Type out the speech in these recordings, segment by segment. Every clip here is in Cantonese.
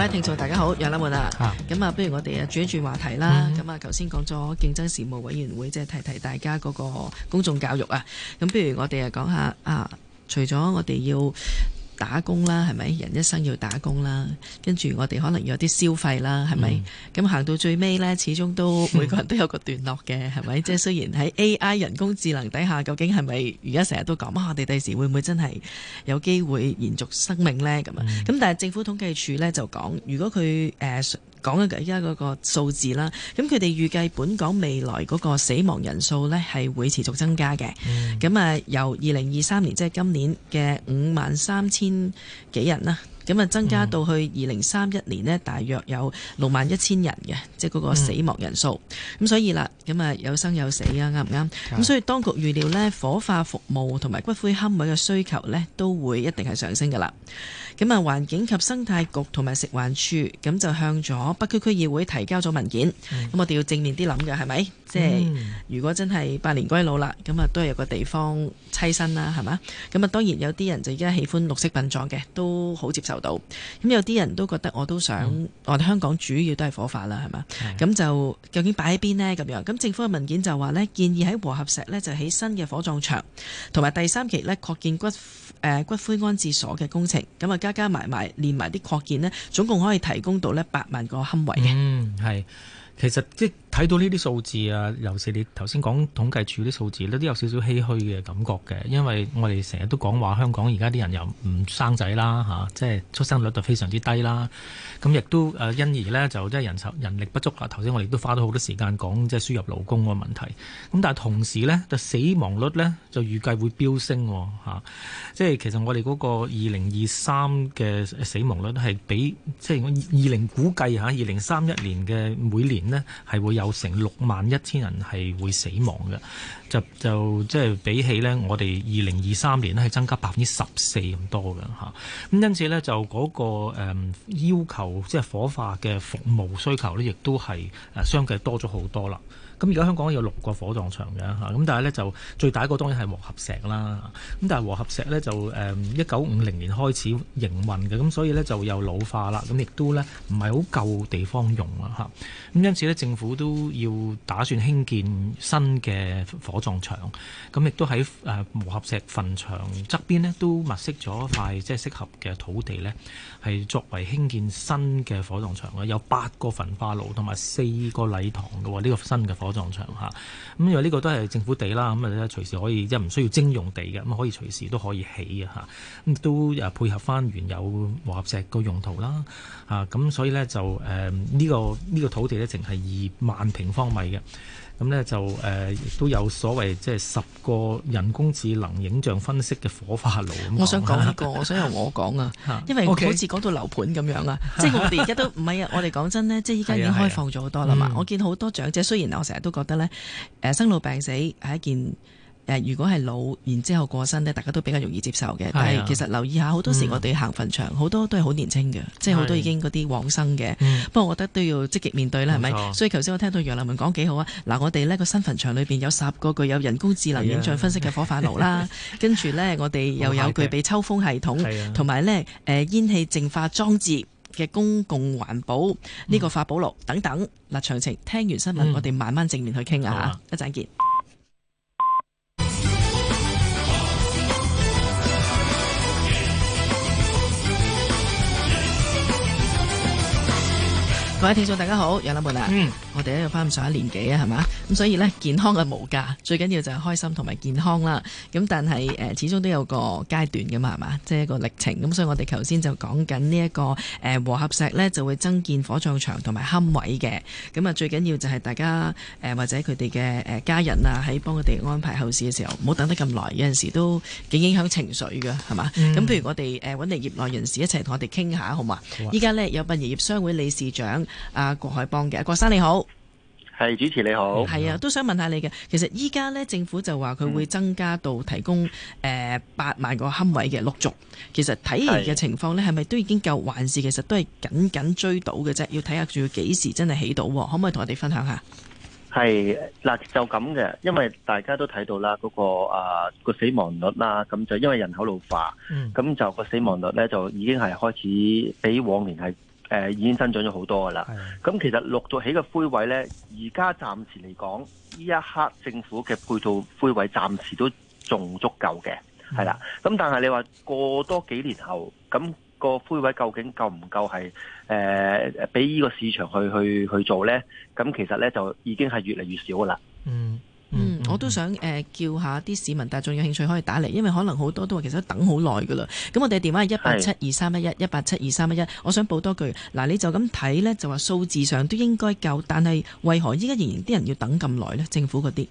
各位聽眾，大家好，楊立門啊，咁啊，不如我哋啊轉一轉話題啦。咁啊，頭先講咗競爭事務委員會，即係提提大家嗰個公眾教育啊。咁不如我哋啊講下啊，除咗我哋要打工啦，係咪？人一生要打工啦，跟住我哋可能有啲消費啦，係咪？咁、嗯、行到最尾咧，始終都每個人都有個段落嘅，係咪？ 即係雖然喺 AI 人工智能底下，究竟係咪？而家成日都講啊，我哋第時會唔會真係有機會延續生命咧？咁、嗯、咁，但係政府統計處咧就講，如果佢誒。呃講緊而家嗰個數字啦，咁佢哋預計本港未來嗰個死亡人數呢係會持續增加嘅，咁、嗯、啊由二零二三年即係、就是、今年嘅五萬三千幾人啦。咁啊，增加到去二零三一年呢，大約有六萬一千人嘅，即係嗰個死亡人數。咁、嗯、所以啦，咁啊有生有死啊啱唔啱？咁、嗯、所以當局預料呢，火化服務同埋骨灰龕位嘅需求呢，都會一定係上升㗎啦。咁啊，環境及生態局同埋食環署咁就向咗北區區議會提交咗文件。咁、嗯、我哋要正面啲諗嘅係咪？即係、嗯就是、如果真係百年歸老啦，咁啊都係有個地方棲身啦，係嘛？咁啊當然有啲人就而家喜歡綠色殯葬嘅，都好接受。到咁有啲人都覺得我都想、嗯、我哋香港主要都係火化啦，係嘛？咁就究竟擺喺邊呢？咁樣咁政府嘅文件就話呢，建議喺和合石呢，就起新嘅火葬場，同埋第三期呢，擴建骨誒骨灰安置所嘅工程，咁啊加加埋埋連埋啲擴建呢，總共可以提供到呢八萬個龕位嘅。嗯，係其實即。睇到呢啲數字啊，尤其你頭先講統計處啲數字咧，都有少少唏噓嘅感覺嘅，因為我哋成日都講話香港而家啲人又唔生仔啦吓，即係出生率就非常之低啦。咁亦都誒因而咧就即係人手人力不足啊。頭先我哋都花咗好多時間講即係輸入勞工嘅問題，咁但係同時咧，就死亡率咧就預計會飆升吓，即係其實我哋嗰個二零二三嘅死亡率係比即係我二零估計吓二零三一年嘅每年咧係會有。成六萬一千人係會死亡嘅。就就即係比起咧，我哋二零二三年咧係增加百分之十四咁多嘅吓。咁因此咧就嗰、那個誒、嗯、要求即係火化嘅服務需求咧，亦都係誒相繼多咗好多啦。咁而家香港有六個火葬場嘅吓，咁但係咧就最大一個當然係和合石啦。咁但係和合石咧就誒一九五零年開始營運嘅，咁所以咧就又老化啦。咁亦都咧唔係好夠地方用啦吓。咁因此咧政府都要打算興建新嘅火。火葬場，咁亦都喺誒和合石墳場側邊，呢都物色咗一塊即係適合嘅土地咧。係作為興建新嘅火葬場啦，有八個焚化爐同埋四個禮堂嘅喎，呢個新嘅火葬場嚇。咁因為呢個都係政府地啦，咁啊隨時可以即係唔需要徵用地嘅，咁可以隨時都可以起嘅吓，咁都配合翻原有和合石嘅用途啦，嚇咁所以呢，就誒呢個呢個土地咧淨係二萬平方米嘅，咁呢，就誒都有所謂即係十個人工智能影像分析嘅火化爐。我想講一個， 我想由我講啊，因為我好多樓盤咁樣啊！即係我哋而家都唔係啊！我哋講真咧，即係依家已經開放咗好多啦嘛！係啊係啊，我見好多長者，雖然我成日都覺得咧、呃，生老病死係一件。如果係老然之後過身，大家都比較容易接受嘅，啊。但係其實留意下，好多時我哋行墳場，好、嗯、多都係好年青嘅，即係好多已經嗰啲往生嘅。不、嗯、過我覺得都要積極面對啦，係咪？所以頭先我聽到楊立文講幾好啊！嗱，我哋呢個新墳場裏面有十個具有人工智能影像分析嘅火化爐啦，跟住、啊、呢， 我哋又有具備抽風系統，同埋、啊、呢誒、呃、煙氣淨化裝置嘅公共環保呢、嗯這個化寶爐等等。嗱，詳情聽完新聞、嗯，我哋慢慢正面去傾啊嚇，一陣見。各位聽眾，大家好，楊瀾報道。嗯我哋都翻咁上下年紀啊，係嘛？咁所以呢，健康嘅無價，最緊要就係開心同埋健康啦。咁但係誒、呃，始終都有個階段㗎嘛，係嘛？即、就、係、是、一個歷程。咁、嗯、所以我哋頭先就講緊呢一個誒、呃、和合石呢，就會增建火葬場同埋龕位嘅。咁、嗯、啊，最緊要就係大家誒、呃、或者佢哋嘅家人啊，喺幫佢哋安排後事嘅時候，唔好等得咁耐，有陣時都幾影響情緒㗎，係嘛？咁、嗯、譬如我哋誒揾啲業內人士一齊同我哋傾下，好嘛？依家呢，有殯儀業，業商會理事長阿、啊、郭凱邦嘅，郭生你好。係，主持你好。係啊，都想問下你嘅。其實依家咧，政府就話佢會增加到提供誒、嗯呃、八萬個龕位嘅陸續。其實睇嚟嘅情況咧，係咪都已經夠？還是其實都係緊緊追到嘅啫？要睇下仲要幾時真係起到？可唔可以同我哋分享下？係嗱，就咁嘅，因為大家都睇到啦，嗰、那個啊個、呃、死亡率啦，咁就因為人口老化，咁、嗯、就個死亡率咧就已經係開始比往年係。誒、呃、已經增長咗好多㗎喇，咁其實陸續起嘅灰位呢，而家暫時嚟講，呢一刻政府嘅配套灰位暫時都仲足夠嘅，係啦。咁、嗯、但係你話過多幾年後，咁個灰位究竟夠唔夠係誒俾呢個市場去去去做呢？咁其實呢，就已經係越嚟越少㗎喇。嗯。我都想誒、呃、叫下啲市民大眾有興趣可以打嚟，因為可能好多都話其實等好耐噶啦。咁我哋電話係一八七二三一一一八七二三一一。187231，我想補多句，嗱，你就咁睇呢，就話數字上都應該夠，但係為何依家仍然啲人要等咁耐呢？政府嗰啲，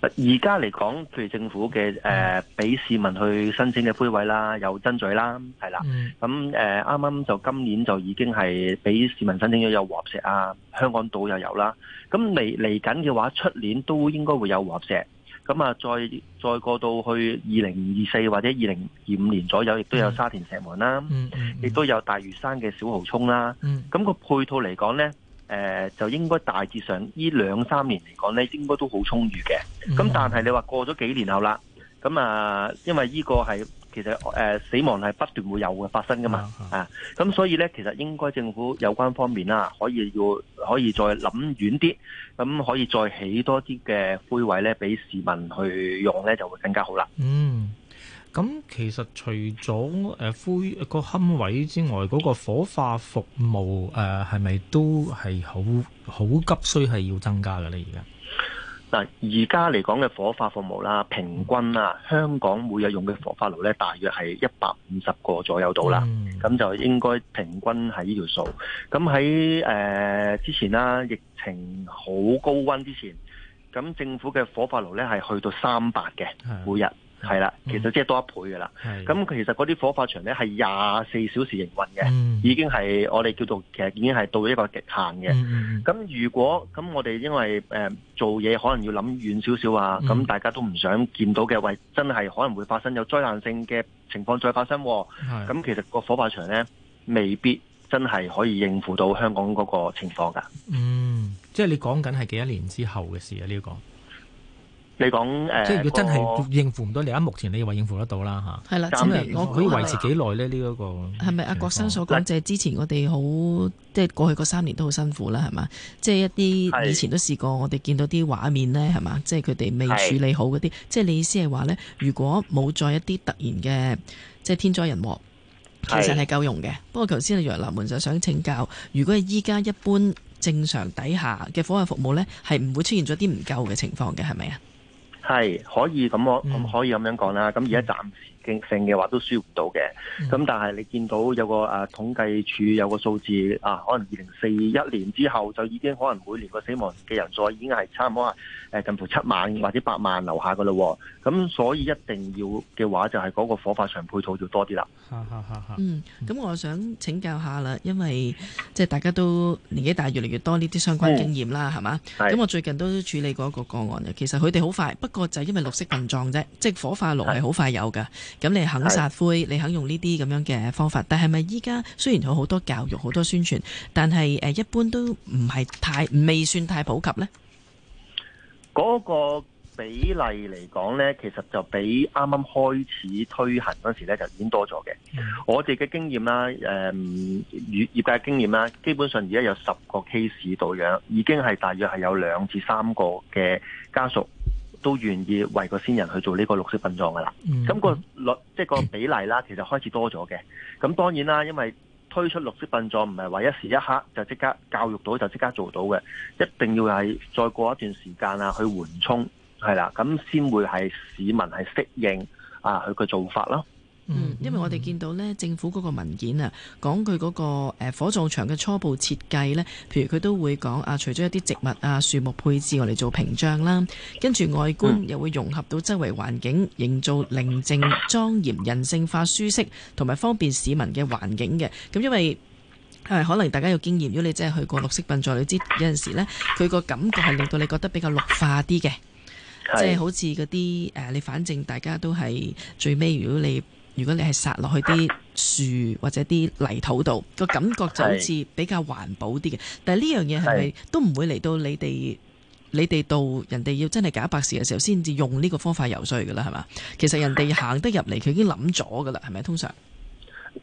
而家嚟講，譬如政府嘅誒，俾、呃、市民去申請嘅灰位啦，有爭取啦，係啦。咁誒啱啱就今年就已經係俾市民申請咗有和合石啊，香港島又有啦。咁嚟嚟緊嘅話，出年都應該會有和合石。咁啊，再再過到去二零二四或者二零二五年左右，亦都有沙田石門啦，亦、嗯嗯嗯、都有大嶼山嘅小蠔灣啦。咁、嗯、那個配套嚟講呢、呃，就應該大致上呢兩三年嚟講呢，應該都好充裕嘅。咁、嗯、但係你話過咗幾年後啦，咁啊，因為呢個係。其實誒、呃，死亡係不斷會有嘅發生噶嘛， 啊，咁所以咧，其實應該政府有關方面啦、啊，可以要可以再諗遠啲，咁可以再起多啲嘅灰位咧，俾市民去用咧，就會更加好啦。嗯，咁其實除咗誒灰、嗰個龕位之外，嗰、嗰個火化服務誒，係、呃、咪都係好好急需係要增加嘅咧而家？而家嚟講嘅火化服務啦，平均啦、啊，香港每日用嘅火化爐咧，大約係一百五十個左右度啦，咁、嗯、就應該平均喺呢條數。咁喺誒之前啦、啊，疫情好高溫之前，咁政府嘅火化爐咧係去到三百嘅每日。係啦，其實即係多一倍嘅啦。咁、嗯、其實嗰啲火化場呢，係廿四小時營運嘅、嗯，已經係我哋叫做其實已經係到一個極限嘅。咁、嗯嗯、如果咁我哋因為誒、呃、做嘢可能要諗遠少少啊，咁、嗯、大家都唔想見到嘅，為真係可能會發生有災難性嘅情況再發生、啊。咁其實個火化場呢，未必真係可以應付到香港嗰個情況㗎。嗯，即係你講緊係幾多年之後嘅事啊？呢、這、一個。你講誒，即係如果真係應付唔到你。而家目前你話應付得到啦嚇，係啦。咁我可以維持幾耐呢？呢一個係咪阿郭生所講？就係之前我哋好即係過去嗰三年都好辛苦啦，係嘛？即係一啲以前都試過，我哋見到啲畫面咧，係嘛？即係佢哋未處理好嗰啲。即係你意思係話咧，如果冇再一啲突然嘅即係天災人禍，其實係夠用嘅。不過頭先阿楊立門就想請教，如果係依家一般正常底下嘅火化服務咧，係唔會出現咗啲唔夠嘅情況嘅，係咪啊？係可以，咁我咁可以咁樣講啦，咁而家暫時性嘅話都輸唔到嘅，咁但係你見到有個誒統計處有個數字啊，可能二零四一年之後就已經可能每年個死亡嘅人數已經係差唔多係誒近乎七萬或者八萬留下噶咯。咁所以一定要嘅話，就係嗰個火化場配套要多啲啦。嗯，咁我想請教下啦，因為即係大家都年紀大，越嚟越多呢啲相關經驗啦，係嘛？咁、嗯、我最近都處理過一個個案嘅，其實佢哋好快，不過就係因為綠色殯葬啫，即係火化爐係好快有㗎。咁你肯殺灰，你肯用呢啲咁樣嘅方法，但係咪依家雖然有好多教育、好多宣傳，但係誒一般都唔係太未算太普及呢？嗰、嗰個比例嚟講呢，其實就比啱啱開始推行嗰時呢，就已經多咗嘅。我哋嘅經驗啦，誒、呃、業界嘅經驗啦，基本上而家有十個 case 度樣，已經係大約係有兩至三個嘅家屬都願意為個先人去做呢個綠色殯葬噶啦。咁、mm-hmm. 咁個率即係個比例啦，其實開始多咗嘅。咁當然啦，因為推出綠色殯葬唔係話一時一刻就即刻教育到就即刻做到嘅，一定要係再過一段時間啊，去緩衝。係啦，咁先會係市民係適應啊，佢個做法咯。嗯，因為我哋見到咧，政府嗰個文件啊，講佢嗰、嗰個誒、呃、火葬場嘅初步設計呢，譬如佢都會講啊，除咗一啲植物啊、樹木配置我哋做屏障啦，跟住外觀又會融合到周圍環境，營造寧靜、莊嚴、人性化、舒適同埋方便市民嘅環境嘅。咁、嗯、因為、嗯、可能大家有經驗，如果你真係去過綠色殯葬，你知有陣時咧，佢個感覺係令到你覺得比較綠化啲嘅。即、就、係、是、好似嗰啲誒，你反正大家都係最尾。如果你如果你係殺落去啲樹或者啲泥土度，個感覺就好似比較環保啲嘅。但係呢樣嘢係咪都唔會嚟到你哋你哋到人哋要真係假白事嘅時候先至用呢個方法游説㗎啦，係嘛？其實人哋行得入嚟，佢已經諗咗㗎啦，係咪通常？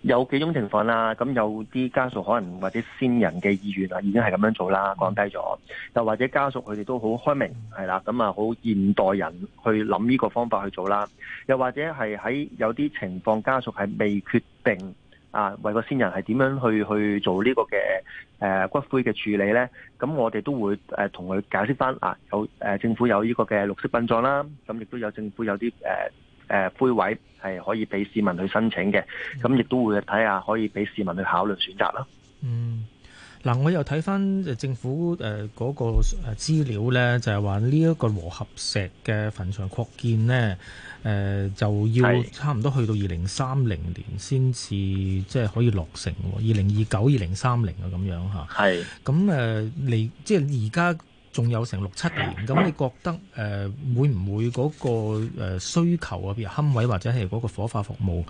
有幾種情況啦，咁有啲家屬可能或者先人嘅意願啊，已經係咁樣做啦，講低咗。又或者家屬佢哋都好開明，係啦，咁啊好現代人去諗呢個方法去做啦。又或者係喺有啲情況，家屬係未決定啊，為個先人係點樣去去做呢個嘅誒骨灰嘅處理咧？咁我哋都會誒同佢解釋翻啊，有，啊政府有，啊有政府有呢個嘅綠色殯葬啦，咁亦都有政府有啲誒。誒、呃、灰位係可以俾市民去申請嘅，咁亦都會睇下可以俾市民去考慮選擇咯。嗯，嗱，我又睇翻誒政府誒嗰、呃那個誒資料咧，就係話呢一個和合石嘅墳場擴建咧，誒、呃、就要差唔多去到二零三零年先至即係可以落成喎。二零二九、二零三零啊，咁樣吓。係。咁、呃、誒，你即係而家。仲有成六七年，咁你覺得誒、呃、會唔會嗰個需求啊，譬如龕位或者係嗰個火化服務，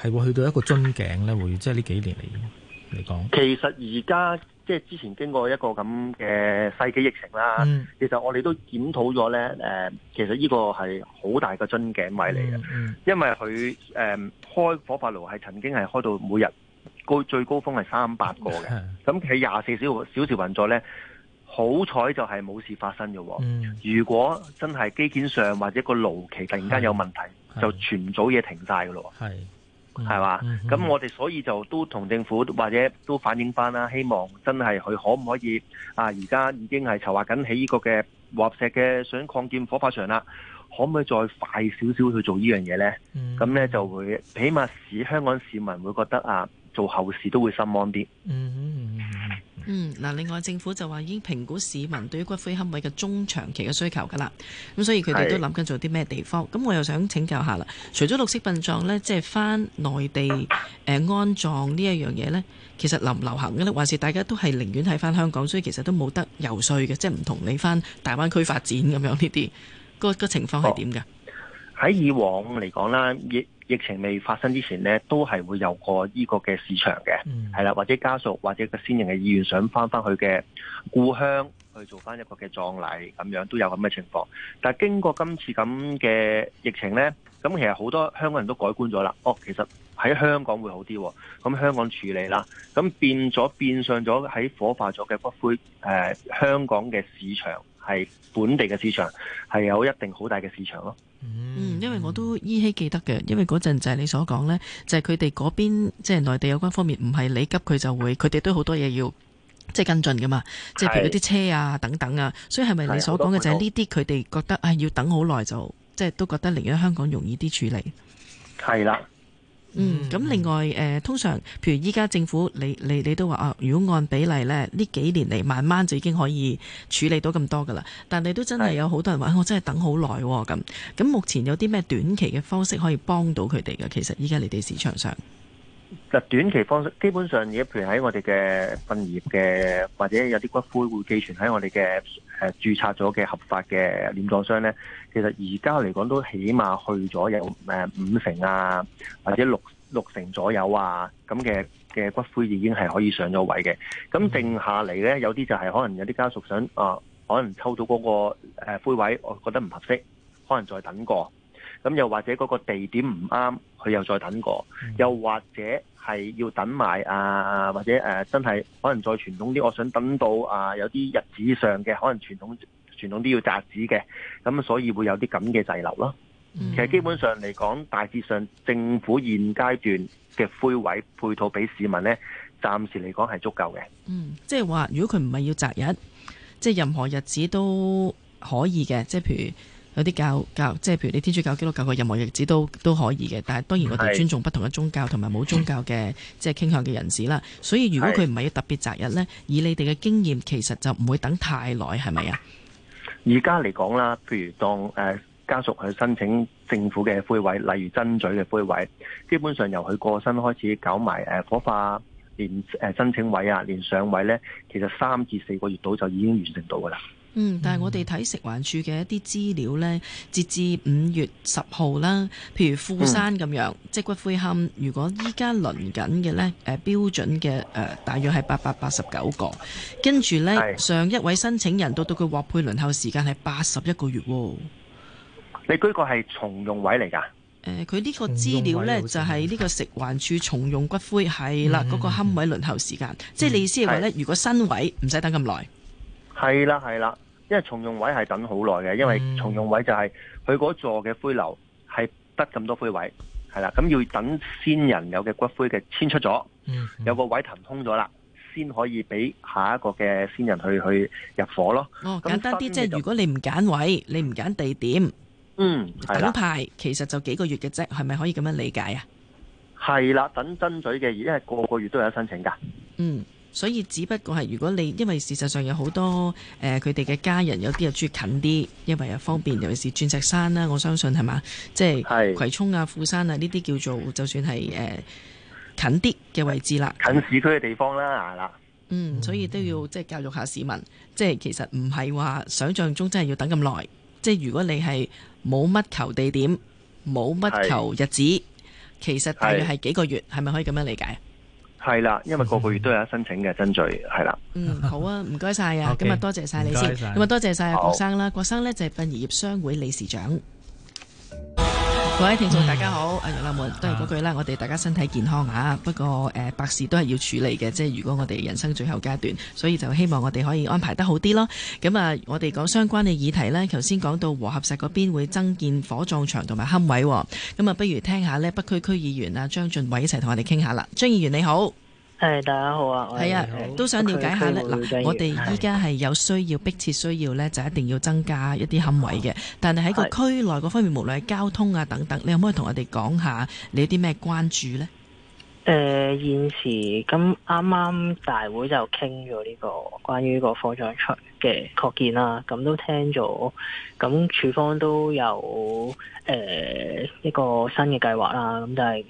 係會去到一個樽頸咧？會即係呢幾年嚟嚟講，其實而家即係之前經過一個咁嘅世紀疫情啦、嗯，其實我哋都檢討咗咧。誒、呃，其實呢個係好大嘅樽頸位嚟嘅、嗯嗯，因為佢誒、呃、開火化爐係曾經係開到每日高最高峰係三百個嘅，咁喺廿四小小時運作咧。好彩就係冇事發生嘅、嗯，如果真係基建上或者個爐期突然間有問題，就全組嘢停晒噶咯，係嘛？咁、嗯、我哋所以就都同政府或者都反映翻啦，希望真係佢可唔可以啊？而家已經係籌劃緊起呢個嘅和合石嘅想擴建火化場啦，可唔可以再快少少去做呢樣嘢呢？咁、嗯、呢就會起碼使香港市民會覺得啊，做後事都會心安啲。嗯嗯嗯嗯嗯，嗱，另外政府就話已經評估市民對於骨灰龕位嘅中長期嘅需求噶啦，咁所以佢哋都諗緊做啲咩地方，咁我又想請教下啦。除咗綠色殯葬呢，即係翻內地誒、呃、安葬呢一樣嘢呢，其實流唔流行嘅呢，還是大家都係寧願喺翻香港，所以其實都冇得游說嘅，即係唔同你翻大灣區發展咁樣呢啲，嗰個、嗰個情況係點㗎？哦喺以往嚟講啦，疫疫情未發生之前咧，都係會有過呢個嘅市場嘅，係、嗯、啦，或者家屬或者個先人嘅意願想翻翻佢嘅故鄉去做翻一個嘅葬禮咁樣，都有咁嘅情況。但係經過今次咁嘅疫情咧，咁其實好多香港人都改觀咗啦。哦，其實喺香港會好啲，咁香港處理啦，咁變咗變相咗喺火化咗嘅骨灰誒、呃，香港嘅市場係本地嘅市場係有一定好大嘅市場咯。嗯，因為我都依稀記得嘅，因為嗰陣就係你所講呢，就係佢哋嗰邊即係內地有關方面唔係你急佢就會，佢哋都好多嘢要即係、就是、跟進㗎嘛，即係譬如啲車啊等等啊，所以係咪你所講嘅就係呢啲佢哋覺得啊要等好耐就即係、就是、都覺得寧願香港容易啲處理，係啦。嗯，咁另外，呃，通常譬如依家政府你你你都話啊，如果按比例咧，呢幾年嚟慢慢就已經可以處理到咁多噶啦。但係都真係有好多人話，我真係等好耐喎。咁咁目前有啲咩短期嘅方式可以幫到佢哋嘅？其實依家你哋市場上，短期方式基本上而家譬如喺我哋嘅殯業嘅，或者有啲骨灰會寄存喺我哋嘅。誒註冊咗嘅合法嘅殮葬商咧，其實而家嚟講都起碼去咗有五成啊，或者六六成左右啊，咁嘅嘅骨灰已經係可以上咗位嘅。咁定下嚟咧，有啲就係可能有啲家屬想啊，可能抽到嗰個灰位，我覺得唔合適，可能再等過。咁又或者嗰個地點唔啱，佢又再等過，嗯、又或者係要等埋啊，或者誒、啊、真係可能再傳統啲，我想等到啊有啲日子上嘅可能傳統傳統啲要紮紙嘅，咁所以會有啲咁嘅滯留咯、嗯。其實基本上嚟講，大致上政府現階段嘅灰位配套俾市民咧，暫時嚟講係足夠嘅。嗯，即係話如果佢唔係要擇日，即係任何日子都可以嘅，即係譬如。有啲教教即係譬如你天主教、基督教嘅任何日子都都可以嘅，但係當然我哋尊重不同嘅宗教同埋冇宗教嘅即係傾向嘅人士啦。所以如果佢唔係要特別擇日呢，以你哋嘅經驗，其實就唔會等太耐，係咪啊？而家嚟講啦，譬如當誒家屬去申請政府嘅灰位，例如爭咀嘅灰位，基本上由佢過身開始搞埋誒火化連誒申請位啊，連上位呢，其實三至四個月到就已經完成到噶啦。嗯，但係我哋睇食環署嘅一啲資料呢，截至五月十號啦，譬如富山咁樣，嗯，即骨灰龕，如果依家輪緊嘅呢誒、呃、標準嘅誒、呃，大約係八百八十九個，跟住呢上一位申請人到到佢獲配輪候時間係八十一個月喎、啊。你嗰個係重用位嚟㗎？佢、呃、呢個資料呢就係、是、呢個食環署重用骨灰，係啦，嗰、那個龕位輪候時間，嗯、即係你意思係話呢，如果新位唔使等咁耐，係啦，係啦。因為重用位係等好耐嘅，因為重用位就係佢嗰座嘅灰樓係得咁多灰位，係啦，咁要等先人有嘅骨灰嘅遷出咗、嗯，有個位騰空咗啦，先可以俾下一個嘅先人去去入伙咯。哦，簡單啲，即係如果你唔揀位，你唔揀地點，嗯，等排其實就幾個月嘅啫，係咪可以咁樣理解啊？係啦，等爭取嘅，而家係個個月都有申請噶。嗯。所以只不過係，如果你因為事實上有好多誒佢哋嘅家人，有啲又住近啲，因為又方便，尤其是鑽石山啦、啊，我相信係嘛，即係、就是、葵涌啊、富山啊呢啲叫做就算係誒、呃、近啲嘅位置啦，近市區嘅地方啦，係啦，嗯，所以都要即係、就是、教育一下市民，即、嗯、係、就是、其實唔係話想像中真係要等咁耐，即、就、係、是、如果你係冇乜求地點，冇乜求日子，其實大約係幾個月，係咪可以咁樣理解？係啦，因為個個月都有申請嘅爭取，係啦。嗯，好啊，唔該晒啊，今 日多謝晒你先，咁啊多謝晒、啊、郭生啦，郭生呢就係殯儀業商會理事長。各位聽眾大家好，我係楊立門。都係嗰句啦，我哋大家身體健康啊。不過誒白、呃、事都係要處理嘅，即係如果我哋人生最後階段，所以就希望我哋可以安排得好啲咯。咁啊，我哋講相關嘅議題呢，頭先講到和合石嗰邊會增建火葬場同埋龕位，咁啊不如聽下呢北區區議員啊張浚偉一齊同我哋傾下啦，張議員你好。係大家好啊！係啊，都想了解下咧。嗱，我哋依家係有需要，迫切需要咧，就一定要增加一啲龕位嘅。但係喺個區內方面，是的無論係交通啊等等，你可唔可以同我哋講下你有啲咩關注咧？誒、呃，現時咁啱啱大會就傾咗呢個關於個火葬場嘅擴建啦。咁都聽咗，咁署方都有誒、呃、一個新嘅計劃啦。咁就係、是。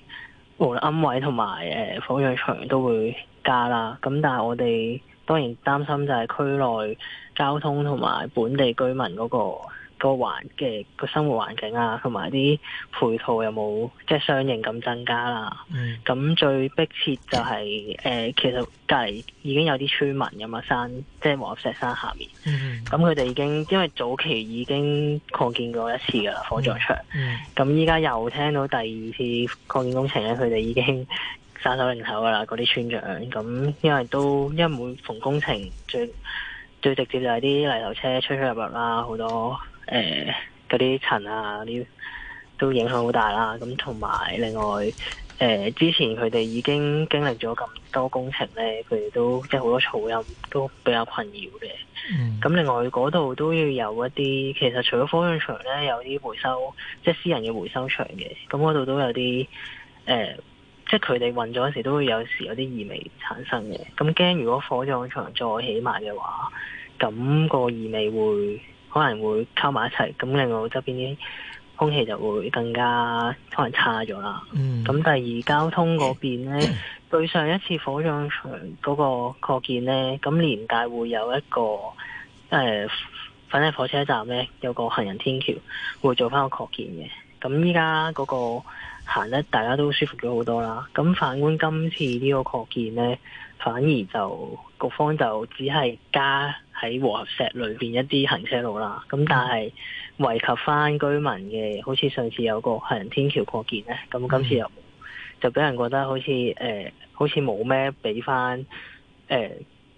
無論龕位同埋誒火葬場都會加啦，咁但係我哋當然擔心就係區內交通同埋本地居民嗰、那個。個環嘅個生活環境啊，同埋啲配套有冇即係相應咁增加啦？咁、mm-hmm. 最迫切就係、是、誒、呃，其實隔籬已經有啲村民噶嘛，山即係黃石山下面。咁佢哋已經因為早期已經擴建過一次噶啦，火葬場。咁依家又聽到第二次擴建工程咧，佢哋已經殺手零頭噶啦，嗰啲村長。咁因為都因為每逢工程最最直接就係啲泥頭車出出入入啦，好多。誒、呃，嗰啲塵啊，啲都影響好大啦。咁同埋，另外，誒、呃，之前佢哋已經經歷咗咁多工程咧，佢哋都即係好多噪音，都比較困擾嘅。咁、嗯、另外，嗰度都要有一啲，其實除咗火葬場咧，有啲回收，即係私人嘅回收場嘅。咁嗰度都有啲，誒、呃，即係佢哋運作陣時，都會有時有啲異味產生嘅。咁驚，如果火葬場再起埋嘅話，咁、那個異味會。可能會溝埋一齊，咁，另外側邊啲空氣就會更加可能差咗啦。咁、嗯、第二交通嗰邊呢、嗯，對上一次火葬場嗰個擴建呢，咁連帶會有一個誒粉嶺火車站呢，有個行人天橋會做翻個擴建嘅。咁依家嗰個行得大家都舒服咗好多啦。咁反觀今次呢個擴建呢，反而就局方就只係加喺和合石裏邊一啲行車路啦，咁但係惠及翻居民嘅，好似上次有個行人天橋擴建咧，咁今次又、嗯、就俾人覺得好似誒、呃，好似冇咩俾翻誒，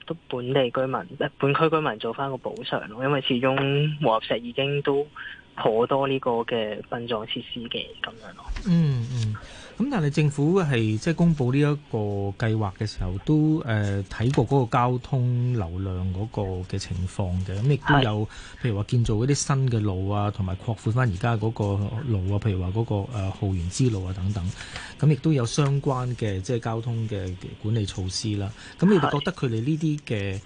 都本地居民、本區居民做翻個補償咯，因為始終和合石已經都好多呢個嘅殯葬設施嘅咁樣咯。嗯嗯。咁但係政府係即係公布呢一個計劃嘅時候，都誒睇、呃、過嗰個交通流量嗰個嘅情況嘅，咁亦都有，譬如話建造一啲新嘅路啊，同埋擴闊翻而家嗰個路啊，譬如話嗰、嗰個、呃、浩園之路啊等等，咁亦都有相關嘅即係交通嘅管理措施啦。咁你覺得佢哋呢啲嘅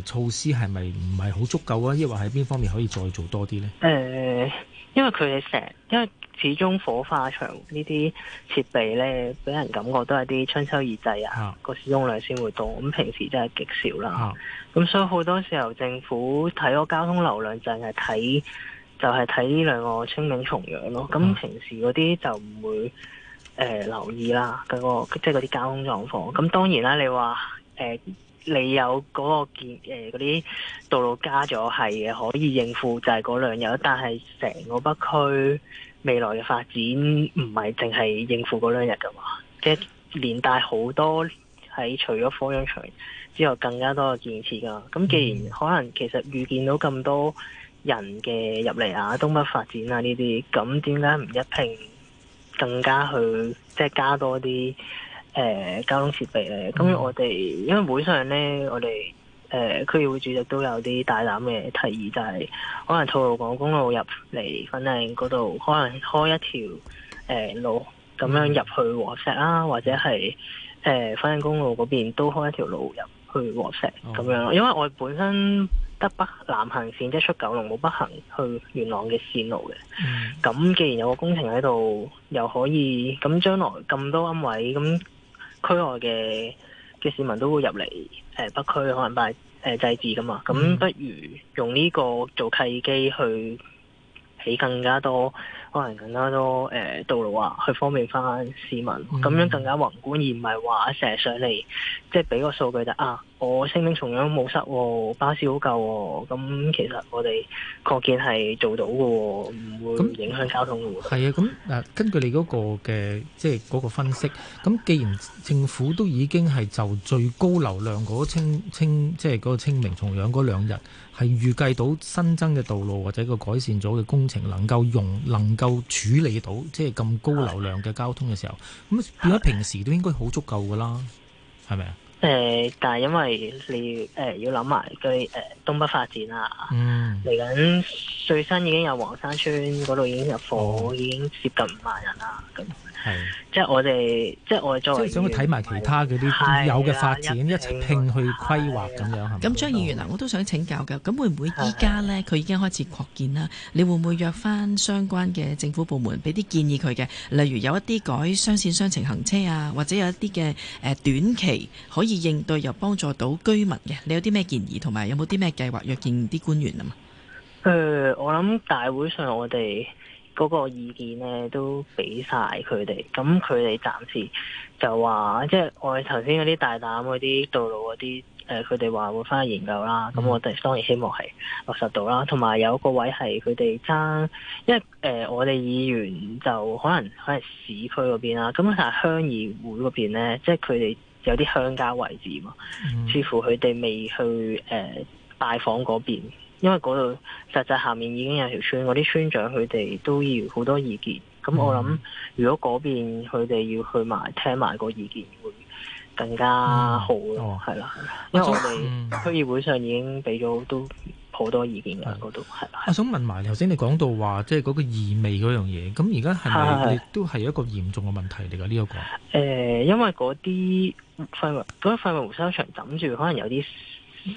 誒措施係咪唔係好足夠啊？抑或係邊方面可以再做多啲咧？呃因為佢哋成，因為始終火化場呢啲設備呢，俾人感覺都係啲春秋二祭啊，個使用量先會多，咁平時真係極少啦。咁、uh-huh. 所以好多時候政府睇個交通流量淨係睇，就係睇，就係睇呢兩個清明重陽咯。咁、uh-huh. 平時嗰啲就唔會誒、呃、留意啦，嗰、嗰個即係嗰啲交通狀況。咁當然啦，你話誒。呃你有嗰個建誒，嗰啲道路加咗係可以應付就係嗰兩日。但係成個北區未來嘅發展唔係淨係應付嗰兩日噶嘛，即係連帶好多喺除咗火葬場之外更加多嘅建設㗎。咁既然可能其實遇見到咁多人嘅入嚟啊，東北發展啊呢啲，咁點解唔一拼更加去即係加多啲？誒、呃、交通設備咧，咁、嗯、我哋因為會上咧，我哋誒、呃、區議會主席都有啲大膽嘅提議，就係、是、可能吐露港公路入嚟粉嶺嗰度，可能開一條、呃、路咁樣入去和合石啦、嗯，或者係誒粉嶺公路嗰邊都開一條路入去和合石咁、嗯、樣咯。因為我本身得北南行線，即、就、係、是、出九龍冇北行去元朗嘅線路嘅。咁、嗯、既然有個工程喺度，又可以咁將來咁多龕位咁。區外嘅嘅市民都會入嚟，誒、呃、北區可能擺誒祭祀㗎嘛，咁不如用呢個做契機去起更加多，可能更加多誒、呃、道路啊，去方便翻市民，咁、嗯、樣更加宏觀，而唔係話成日上嚟即係俾個數據就啊。我清明重陽冇塞，巴士好夠，咁其實我哋擴建係做到嘅，唔會影響交通嘅。係啊，咁誒，根據你嗰個嘅，即係嗰個分析，咁既然政府都已經係就最高流量嗰清清，即係、就是、個清明重陽嗰兩日，係預計到新增嘅道路或者個改善咗嘅工程能夠用，能夠處理到即係咁高流量嘅交通嘅時候，咁如果平時都應該好足夠噶啦，係咪啊？誒、呃，但係因為你誒要諗埋佢誒東北發展啦，嚟、嗯、緊最新已經有黃山村嗰度已經入伙，嗯、已經接近五萬人啦咁。係，即係我哋，即係我再，即係想去睇埋其他嗰啲有嘅發展，一齊拼去規劃咁樣。咁張議員啊，我都想請教嘅，咁會唔會依家呢？佢已經開始擴建啦？你會唔會約翻相關嘅政府部門俾啲建議佢嘅？例如有一啲改雙線雙程行車啊，或者有一啲嘅誒短期可以應對又幫助到居民嘅，你有啲咩建議同埋有冇啲咩計劃約見啲官員啊？嘛？誒，我諗大會上我哋。嗰個意見咧都俾晒佢哋，咁佢哋暫時就話，即係我哋頭先嗰啲大膽嗰啲道路嗰啲，佢哋話會翻去研究啦。咁、嗯、我哋當然希望係落實到啦。同埋有個位係佢哋爭，因為誒、呃、我哋議員就可能可能市區嗰邊啦，咁但鄉議會嗰邊咧，即係佢哋有啲鄉家位置嘛、嗯，似乎佢哋未去誒、呃、拜訪嗰邊，因為嗰度實際下面已經有一條村，我啲村長佢哋都要好多意見，咁我諗如果嗰邊佢哋要去埋聽埋個意見，會更加好咯，係、嗯、啦、哦，因為我哋區議會上已經俾咗都好多意見嘅嗰度。我想問埋頭先，你講到話即係嗰個異味嗰樣嘢，咁而家係咪亦都係一個嚴重嘅問題嚟㗎？呢、這、一個？誒、呃，因為嗰啲廢物，嗰啲廢物回收場抌住，可能有啲。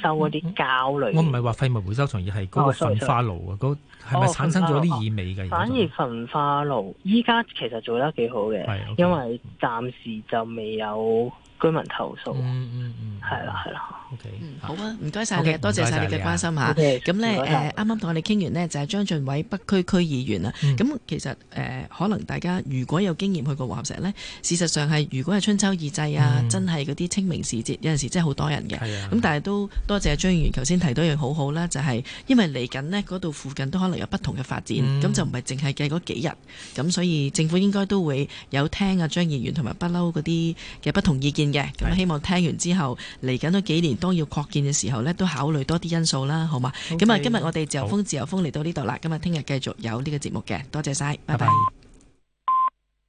收嗰啲膠類，我唔係話廢物回收場，而係嗰個焚化爐啊，嗰係咪產生咗啲異味嘅？反而焚化爐依家其實做得幾好嘅，okay，因為暫時就未有。居民投訴，嗯嗯嗯，係啦係啦，OK，好啊，唔該晒你，多謝晒你嘅關心嚇。咁咧誒，啱啱同我哋傾完呢，就係、是、張浚偉北區區議員啊。咁、嗯、其實誒、呃，可能大家如果有經驗去過和合石呢，事實上係如果係春秋二祭啊，嗯、真係嗰啲清明時節，有陣時真係好多人嘅。咁、嗯、但係都多謝張議員頭先提到一樣好好啦，就係、是、因為嚟緊呢嗰度附近都可能有不同嘅發展，咁、嗯、就唔係淨係計嗰幾日，咁所以政府應該都會有聽啊張議員同埋不嬲嗰啲嘅不同意見。嘅咁希望聽完之後，嚟緊都幾年，當要擴建嘅時候咧，都考慮多啲因素啦，好嘛？咁啊，今日我哋自由風自由風嚟到呢度啦，咁啊，聽日繼續有呢個節目嘅，多謝晒，拜拜。拜拜。